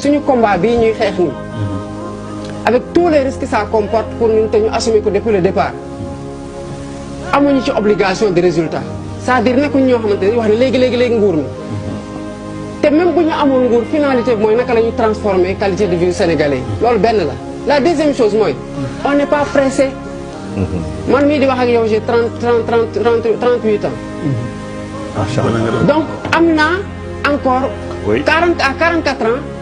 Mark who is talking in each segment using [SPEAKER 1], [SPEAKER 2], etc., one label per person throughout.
[SPEAKER 1] suñu combat bi ñuy xeex nii mhm. avec tous les risques que ça comporte pour ñun te ñu assumer ko depuis le départ amuñu ci obligation de résultat c'est-à-dire nekkuñ ñoo xamante wax ne légui légui léegi nguur mi mhm. té même buñu ñu nguur finalité moy mooy naka la transformer qualité de vie sénégalais yi loolu benn la la deuxième chose mooy mhm. on n'est pas pressé man mii di wax ak yow j'ai trente trente trente ans
[SPEAKER 2] ah, donc
[SPEAKER 1] am naa encore quarante à quarante quatre ans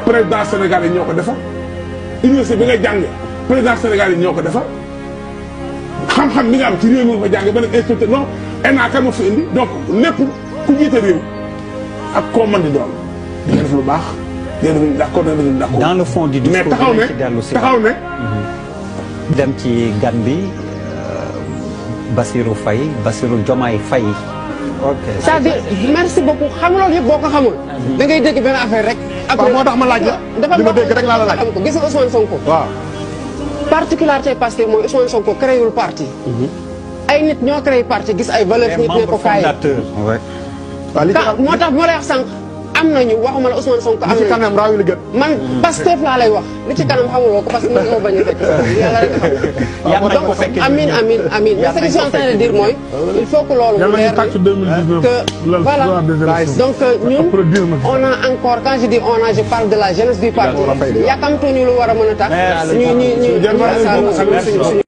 [SPEAKER 2] président sénégalais yi ñoo ko defar université bi nga jàng président sénégalais yi ñoo ko defar xam-xam bi nga am ci réew mi nga ko jàng ba nekk inspecteur non ENA kan ma fi indi donc lépp ku jiite réew ak koo mën di def lu baax di nga def d'accord di nga d'accord dans le fond du discours mais taxaw ne taxaw ne. Mm-hmm. dem ci gan bi euh, Bassirou Faye Bassirou Diomaye Faye. c'est-à-dire merci
[SPEAKER 1] beaucoup xam loolu yëpp boo ko xamul. da dégg benn affaire rek. après moo tax ma laaj la dafa li ma dégg rek laa la laaj. gis nga Ousmane Sonko. waaw. particularité parce que mooy Ousmane Sonko créewul parti. Mhm. ay nit ñoo créé parti gis ay valeurs nit ne ko kaay. moo tax moo lay wax sànq. amnañu waxuma la Ousmane Sonko. am ci kanam raaw li
[SPEAKER 2] gën. man Pastef
[SPEAKER 1] la lay wax li ci kanam xamuloo ko parce que mën bañu fekk. yàlla rek
[SPEAKER 2] xam donc amin amin amin ce que je suis en train de dire mooy. il
[SPEAKER 1] faut que loolu mu leer que voilà donc ñun on a encore quand je dis on a je parle de la jeunesse du parti yàkkamtuñu lu wara mëna tax. ñu ñu ñu